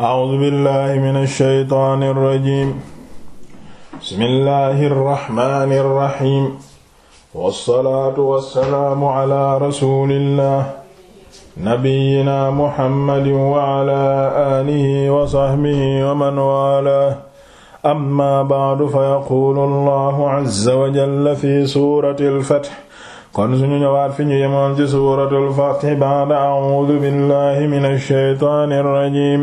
A'uuzu billaahi mina shaytaani rajiim. Bismillaahi rahmaani rahiim. Wassalaatu wassalaamu alaa rasuulillaah. Nabiyyinaa Muhammadin wa alaa aalihi wa sahbihi wa man waalaah. Ammaa ba'du fayaquulu Allaahu azza wa jalla fii suuratil Fath. kon suñu ñëwaat fi ñu yemoon ci suuratul Fath ba'da a'uuzu billaahi mina shaytaani rajiim.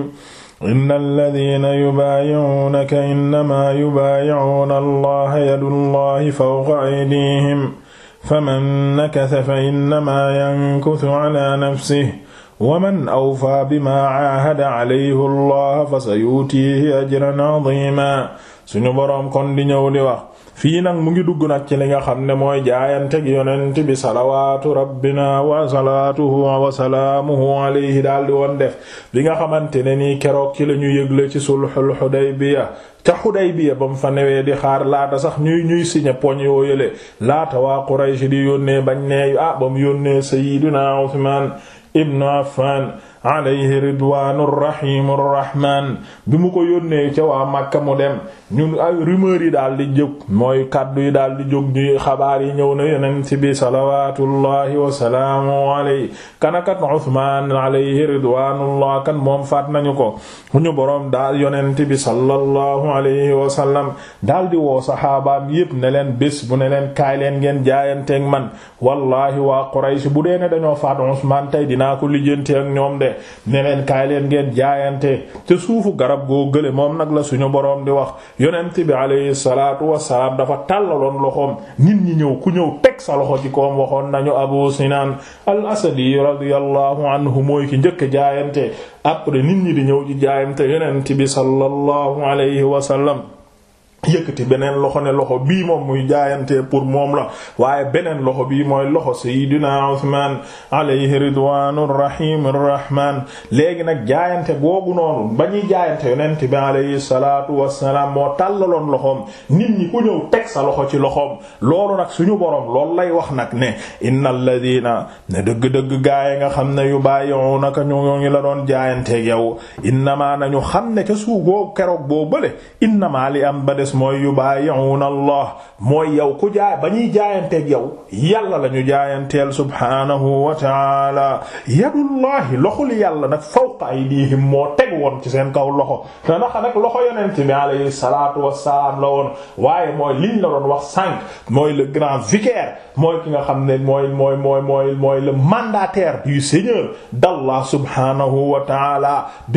inna alladina yubaayi'uunaka innamaa yubaayi'uuna allaha yadu allahi fawqa aydihim faman nakasa fa innamaa yankusu ala nafsihi wa man awfaa bimaa caahada calayhi allaha fa sayuutiihi ajran cadiima suñu boroom kon di ñëw di wax fii nag mu ngi dugg nag ci li nga xam ne mooy jaayante gi yonent bi salawaatu rabbina wa salaatuhu wa salaamuhu alayhi daal di woon def bi nga xamante ne nii keroog ci la ñu yëgle ci sulhul Hudaybiya ca Hudaybiya ba mu fa newee di xaar laata sax ñuy ñuy signé poñ yoo yële laata waa Quraysh di yónnee bañ nee ah ba mu yónnee Sayyidina ibn Affaan alayhi ridwaanu rahimu rahmaan bi mu ko yónnee ca waa Makka mu dem ñun ay yi daal di jóg mooy kàddu yi daal di jóg ñuy xabaar yi ñëw na yonent bi salawaatullahi wa salaamu alayhi kanakat Usmaan alayhi ridwaanullah kan moom faat nañu ko ñu boroom daal yonent bi sallallahu alayhi wa sallam daal di woo saxaabaam yépp ne leen bu ne leen kaay leen ngeen jaayanteeg man wallahi waa Quraysh bu dee ne dañoo faat Usmaan tey dinaa ko lijjanti ak ñoom de ne leen kaay leen ngeen jaayante te suufu garab goo gële moom nag la suñu boroom di wax yonent bi alayhi salaatu wassalaam dafa tàllaloon loxoom nit ñi ñëw ku ñëw teg sa loxo ci koom waxoon nañu Abu Sinaan al-Asadi radiyallahu anhu mooy ki njëkk jaayante après nit ñi di ñëw ci jaayante yonent bi sallallahu alayhi wasallam yëkkati beneen loxo ne loxo bii moom muy jaayante pour moom la waaye beneen loxo bii mooy loxo sayyidina Usmaan alayhi ridwaanu rahim rahman léegi nag jaayante googu noonu ba ñuy jaayante yonent bi alayhi salaatu wassalaam moo tàllaloon loxoom nit ñi ku ñëw teg sa loxo ci loxoom loolu nag suñu boroom loolu lay wax nag ne inna la diina ne dëgg-dëgg gaaye nga xam ne yu bàyyiwunaka ñoo ngi la doon jaayanteeg yow innamaa nañu xam ne ca suuf boo des mooy yubaayi'uuna allah mooy yow ku jaay ba ñuy jaayanteeg yow yàlla la jaayanteel subhaanahu wa taala yadullahi loxul yàlla nag fawqa aydiihim moo teg woon ci seen kaw loxo te naxa nag loxo yonent bi alayhi salaatu wassalaam la woon waaye mooy liñ la doon wax sànq mooy la grand vicaire mooy ki nga xam ne mooy mooy mooy mooy mooy le mandataire du seigneur d'Allah subhaanahu wa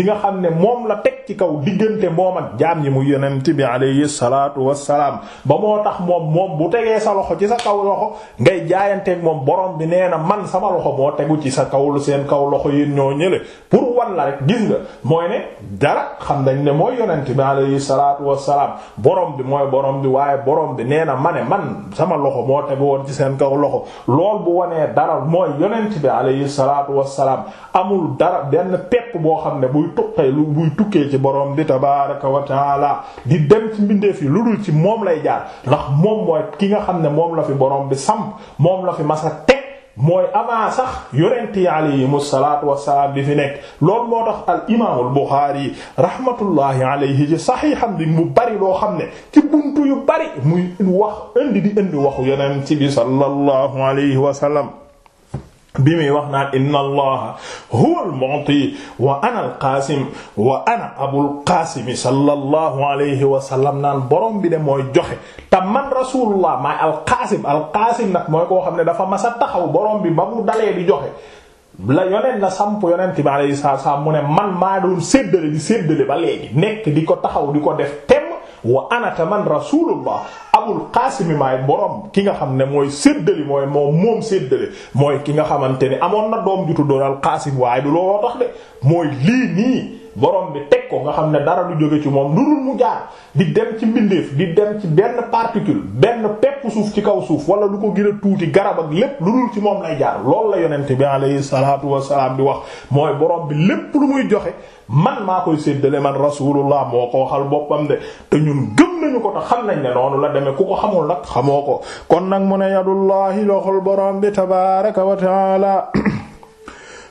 nga xam ne moom la teg ci kaw diggante moom ak jaam yi mu yonent bi alayhi salaatu wassalaam ba moo tax moom moom bu tegee sa loxo ci sa kaw loxo ngay jaayanteeg moom borom bi nee na man sama loxo moo tegu ci sa kaw seen kaw loxo yi ñoo ñële pour la rek gis nga mooy xam nañ ne mooy yonent bi alayhi salaatu wassalaam borom bi mooy borom bi waaye borom bi nee na ma ne man sama loxo moo tegu woon ci seen kaw loxo lool bu wanee dara mooy yonent bi alayhi salaatu wassalaam amul dara benn pepp boo xam ne buy tukkee lu buy tukkee ci borom bi tabaaraka wa taala di dem ci mbindee mbindeef yi lu dul ci moom lay jaar ndax moom mooy ki nga xam ne moom la fi borom bi samp moom la fi masa teg mooy avant sax yonent yi alayhimu salaatu wassalaam bi fi nekk loolu moo tax al imaamul Buxaari rahmatullahi alayhi ci saxiixam bi mu bari loo xam ne ci buntu yu bari muy wax indi di indi waxu yonent bi sallallahu alayhi wa sallam bi muy wax naan inna allaha huwa al-mu'ti wa ana al wa ana abul qaasimi sallallahu alayhi wa naan borom bi de mooy joxe te man rasulullah maay al-qaasim al nag mooy koo xam ne dafa masa a taxaw borom bi ba mu dalee di joxe la yonent na samp yonent bi alayhi salaam ne man maa doon séddale di séddale ba léegi nekk di ko taxaw di ko def tem wa anata man rasulullah abul qaasimi maay borom ki nga xam ne mooy séddali mooy moom moom séddale mooy ki nga xamante ne amoon na doom ju tuddoon al qaasim waaye du looloo tax de mooy lii nii borom bi ko nga xam ne dara lu jóge ci moom lu dul mu jaar di dem ci mbindeef di dem ci benn particule benn pepp suuf ci kaw suuf wala lu ko gën tuuti garab ak lépp lu dul ci moom lay jaar loolu la yonent bi alayhi salaatu wasalaam di wax mooy borom bi lépp lu muy joxe man maa koy séddale man rasulullah moo ko waxal boppam de te ñun gëm nañu ko te xam nañ ne noonu la demee ku ko xamul nag xamoo ko kon nag mu ne yadullahi loxol borom bi tabaaraka wa taala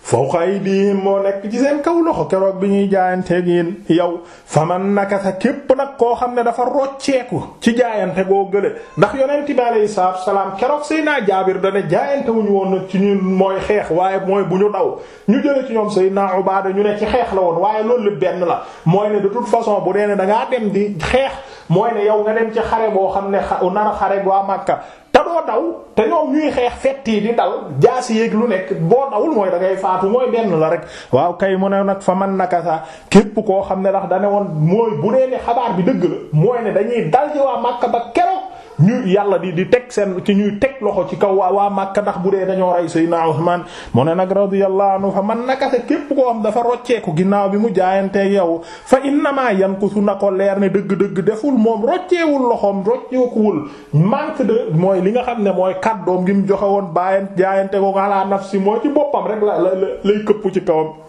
fawqa aydihim moo nekk ci seen kaw loxo keroog bi ñuy jaayanteeg yéen yow faman nakasa képp nag koo xam ne dafa rocceeku ci jaayante boo gële ndax yonent bi alayhi salaatu salaam keroog Seydina Jaabir dane jaayante wuñu woon nag ci ñun mooy xeex waaye mooy bu ñu daw ñu jële ci ñoom Seydina Ubaada ñu ne ci xeex la woon waaye loolu benn la mooy ne de toute façon bu dee ne da ngaa dem di xeex mooy ne yow nga dem ci xare boo xam ne xa nar a xare waa Makka te doo daw te ñoom ñuy xeex fett yi di dal jaasi yéeg lu nekk boo dawul mooy da ngay faatu mooy benn la rek waaw kay mu ne nag fa man naka sa képp koo xam ne ndax da ne woon mooy bu dee ne xabaar bi dëgg la mooy ne dañuy dal ci waa Makka ba keroog ñu yàlla di di teg seen ci ñuy teg loxo ci kaw waa waa Makka ndax bu dee dañoo rey Seydina man mu ne nag radiyallahu anhu fa man nakase képp koo am dafa rocceeku ginnaaw bi mu jaayanteeg yow fa yan innamaa yankusu na ko leer ne dëgg-dëgg deful moom rocceewul loxoom rocceekuwul manque de mooy li nga xam ne mooy kàddoom ngi mu joxe woon bàyyen jaayante ko ala si moo ci boppam rek la la lay këpp ci kawam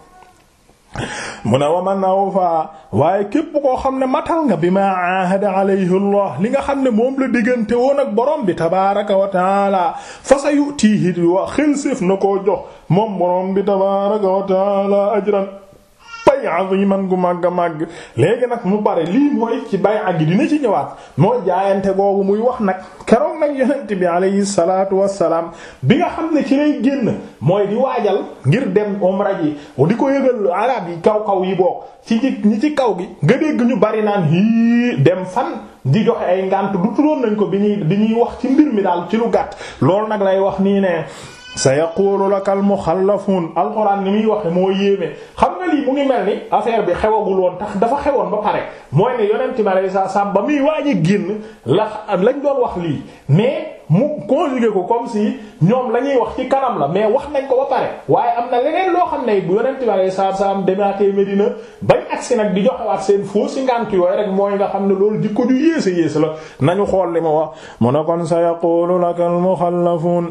mu ne wa man awfa waaye képp koo xam ne matal nga bi ma ahada alayhi Allah li nga xam ne moom la diggante woon ak borom bi tabaaraka wa taala fa sa yutihi wa xilsif na ko jox moom borom bi tabaaraka wa taala ajran kay aziman gu màgg a léegi nag mu bare lii mooy ci bay àgg dina ci ñëwaat mooy jaayante googu muy wax nag keroog nag yonent bi alayhi salaatu wassalaam bi nga xam ne ci lay génn mooy di waajal ngir dem umra ji di ko yëgal arab yi kaw kaw yi bokk ci ñi ci kaw gi nga dégg ñu bari naan hii dem fan di joxe ay ngànt du tuloon nañ ko bi ñuy bi ñuy wax ci mbir mi daal ci lu gàtt loolu nag lay wax nii ne sa yaquulu laka al muxallafuun alxuraan ni muy waxe moo yéeme xam nga lii mu ngi mel ni affaire bi xewagul woon tax dafa xewoon ba pare mooy ne yonenti ma lay sa sam ba muy waaj a génn la lañ doon wax lii mais mu conjugué ko comme si ñoom la ñuy wax ci kanam la mais wax nañ ko ba pare waaye am na leneen loo xam ne bu yonenti ma lay sa sam demaatee Medina bañ agsi nag di joxewaat seen foo si ngànt yooyu rek mooy nga xam ne loolu jikko ju yéesa yéesa la nañu xool li ma wax mu ne kon sa yaquulu laka al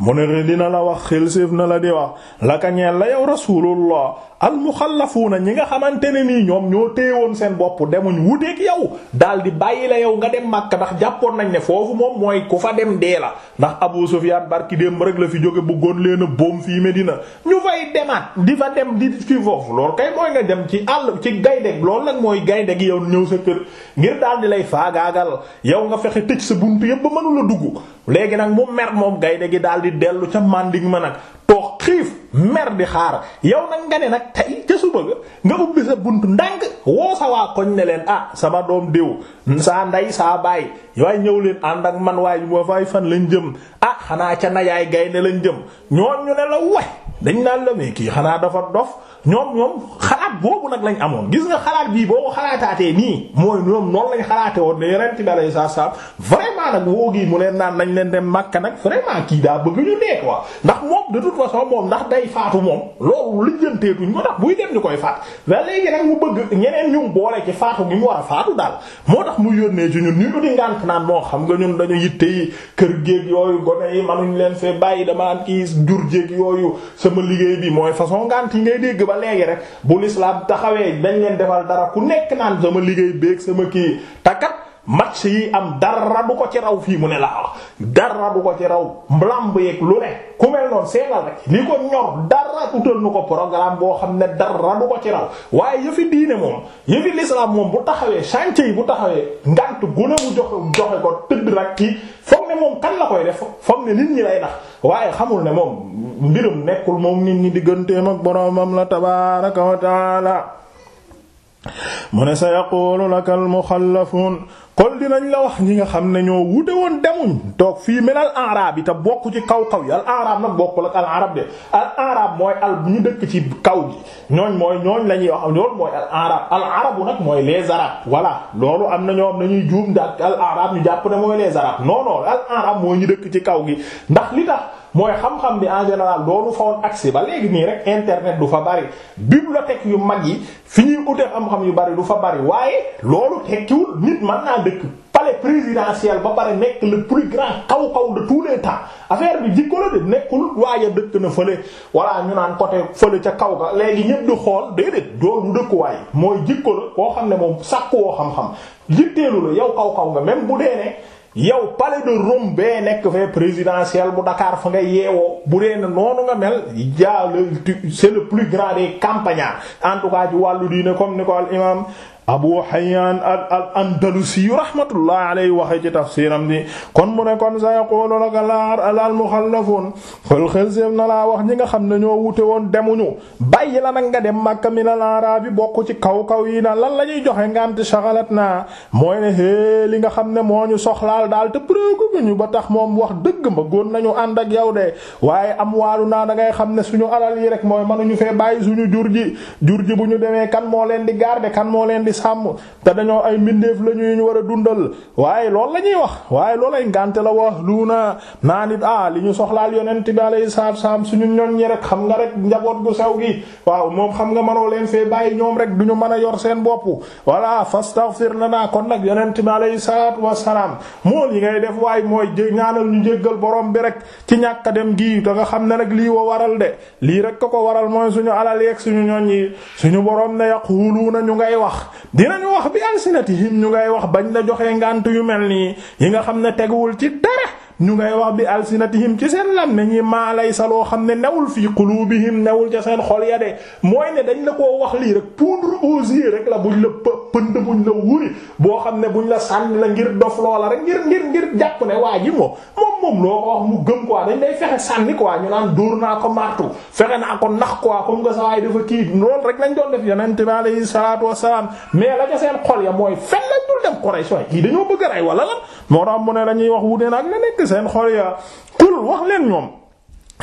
mu ne dina la wax xel séef na la di wax laka ñeen la yow rasulullah al na ñi nga xamante ne nii ñoom ñoo woon seen bopp demuñ wuteeg yow daal di bàyyi la yow nga dem Makka ndax jàppoon nañ ne foofu moom mooy ku fa dem dee la ndax Abu Sufyaan barki démb rek la fi jóge buggoon leen a boom fii Medina ñu fay demaat di fa dem di fi foofu loolu kay mooy nga dem ci àll ci gaynde loolu nag mooy gaynde gi yow ñëw sa kër ngir daal lay faagaagal yow nga fexe tëj sa buntu yëpp ba mënula dugg léegi nag moom gaynde gi daal di dellu ca manding ma nag toog xiif mer di xaar yow nag nga ne nag tey ca suba ga nga ubbi sa buntu ndànk woo sa waa koñ ne leen ah sama doom diw saa ndey saa baay waaye ñëw leen ànd ak man waaye bu fay fan lañ jëm ah xanaa ca najaay gaynde lañ jëm ñoon ñu ne la way dañ naan la mais kii xanaa dafa dof ñoom ñoom xalaat boobu nag lañ amoon gis nga xalaat bii boo ko xalaataatee nii mooy ñoom noonu lañ xalaate woon ne yonent bi alayhi salaam vraiment nag woo gi mu leen naan nañ leen dem Makka nag vraiment kii daa bëgg ñu dee quoi ndax moom de toute façon moom ndax day faatu moom loolu lijjanteetuñ ko tax buy dem di koy faat wa léegi nag mu bëgg ñeneen ñu boole ci faatu gi mu war a faatu daal moo tax mu yónnee ci ñun ñu di ngànt naan moo xam nga ñun dañu yitte yi kër géeg yooyu gone yi manuñ leen fee bàyyi damaa kii jur jéeg yooyu sama liggéey bi mooy façon ngànt yi ngay dégg ba léegi rek bu l'islam taxawee dañ leen defal dara ku nekk naan sama liggéey béeg sama match yi am dara du ko ci raw fii mu ne la wax dara du ko ci raw lamb yeeg lu ne ku mel noonu seetal rek li ko ñor dara utal nu ko programme boo xam ne dara du ko ci raw waaye yëfi diine moom yëfi l'islam moom bu taxawee chantier yi bu taxawee ngant gune bu joxe ko tëdd nag kii foog ne moom kan la koy def foog ne nit ñi lay nax waaye xamul ne moom mbirum nekkul moom nit ñi digganteem ak boromam la tabaaraka wa taala mu ne sa yaquulu laka almuxallafuun kon dinañ la wax ñi nga xam ne ñoo wute woon demuñ toog fii min al arab yi te bokk ci kaw-kaw yi al arab nag bokkul ak al arab de al mooy al bu ñu dëkk ci kaw ji ñooñ mooy ñooñ la wax loolu mooy al arab al arabu am na ñoo am nañuy juum ndax al arab ñu jàpp ne mooy les arabes non al arab mooy ñu dëkk ci kaw gi ndax li tax mooy xam-xam bi en général loolu fa woon accès ba léegi nii rek internet du fa bari bibliothèque yu mag yi fi ñuy ute xam-xam yu bari du fa bari waaye loolu tekkiwul nit mën naa dëkk palais présidentiel ba pare nekk le plus grand kaw-kaw de tous les temps affaire bi jikko la de nekkul waaye dëkk na fële walla ñu naan côté fële ca kaw ga léegi ñépp di xool de doolu dëkkuwaay mooy jikko la koo xam ne moom sàkk woo xam-xam jitteelu la yow kaw-kaw nga même bu dee yow palais de Rome bee nekk fee présidentiel bu Dakar fa nga yeewoo bu dee noonu nga mel jaa c'est le plus grand des campagnards en tout cas ci wàllu diine comme ni imam Abu Hayyan al Andalusi rahmatullahi alayhi waxe ci tafsiram ni kon mu ne kon sa yaqulu laka al mukhallafun xël na na laa wax ñi nga xam ne ñoo wute woon demuñu bàyyi la nag nga dem mi na min al bi bokk ci kaw kaw yi na lan la ñuy joxe ngànt shaghalat naa mooy ne hee li nga xam ne moo ñu soxlaal daal te préoccupé ñu ba tax moom wax dëgg ma góon nañu ànd ak yow de waaye am waalu naa da ngay xam ne suñu alal yi rek mooy mënuñu fee bàyyi suñu jur bu ñu demee kan moo leen di garder kan moo leen sàmm te dañoo ay mbindeef la ñuy ñu war a dundal waaye lool la ñuy wax waaye lool ay ngante la wax luuna naa nit ah li ñu soxlaal yonent bi alayhi salaatu salaam suñu ñoñ ñi xam nga rek njaboot gu sew gi waaw moom xam nga mënoo leen fee bàyyi ñoom rek du ñu mën a yor seen bopp voilà fastaghfir lana kon nag yonent bi alayhi salaatu wassalaam moo li ngay def waaye mooy ñaanal ñu jéggal boroom bi rek ci ñàkk dem gi da nga xam ne nag lii wa waral de lii rek ko ko waral mooy suñu alal yeeg suñu ñoñ yi suñu borom ne yaquluuna ñu ngay wax dinañu wax bi alsinatihim ñu ngay wax bañ la joxee ngànt yu mel nii yi nga xam ne teguwul ci dara ñu ngay wax bi alsinatihim ci seen lan nañu maa laysa loo xam ne newul fii qulubihim newul ca seen xol ya mooy ne dañ la koo wax lii rek poudre aux yeux la buñ la pënd buñ la wuri boo xam ne buñ la sànni la ngir dof loola rek ngir ngir ngir jàpp ne waa ji moom moom loo ko dañ day fexe sànni quoi ñu naan dóor naa ko martu fexe naa ko nax quoi comme que kii loolu rek lañ doon def yonente bi alayhi salaatu mais la ca seen ya kii dañoo bëgg rey wala lan moo tax mu ne dañuy wax wute na ak la nekk seen xol ya qul wax leen ñoom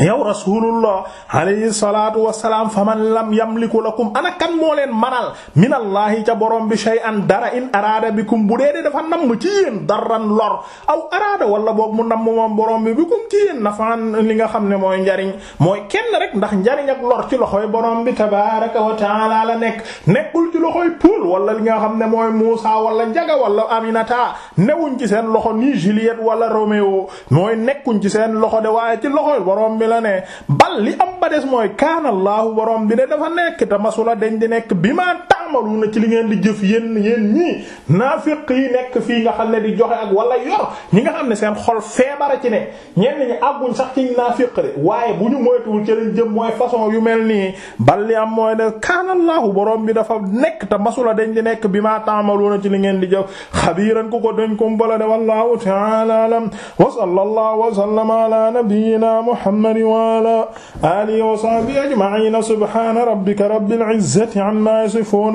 yow rasulullah alayhi salaatu wasalaam faman lam yamliku lakum ana kan moo leen manal minallahi ca borom bi shay'an dara in araada bikum bu dee dafa namm ci yéen darran lor aw araada wala boog mu namm moom borom bi bikum ci yéen nafaan li nga xam ne mooy njariñ mooy kenn rek ndax njariñ ak lor ci loxoy borom bi tabaaraka wa taala la nekk nekkul ci loxoy pool wala li nga xam ne mooy Muusa walla Njaga wala Aminata newuñ ci seen loxo ni Juliette wala Roméo mooy nekkuñ ci seen loxo de waaye ci loxo woroom bi la ne bal li am ba des mooy kaanallaahu borom bi ne dafa nekk te masula deñ di nekk bi ma ta'maluna ci li ngeen di jëf yéen yéen ñii naafiq yi nekk fii nga xam ne di joxe ak wala yor ñi nga xam ne seen xol feebara ci ne ñenn ñi àgguñ sax ci naafiq de waaye bu ñu moytuwul ci lañ jëm mooy façon yu mel nii bal li am mooy ne kaanallaahu borom bi dafa nekk te masula dañ di nekk bi maa ta'maluna ci li ngeen di jëf xabiiran ku ko dañ ko mbala de wallahu ta'ala alam wa sallallahu wa sallama ala nabiyyina muhammad wa ala alihi wa sahbihi ajma'in subhana rabbika rabbil izzati amma yasifun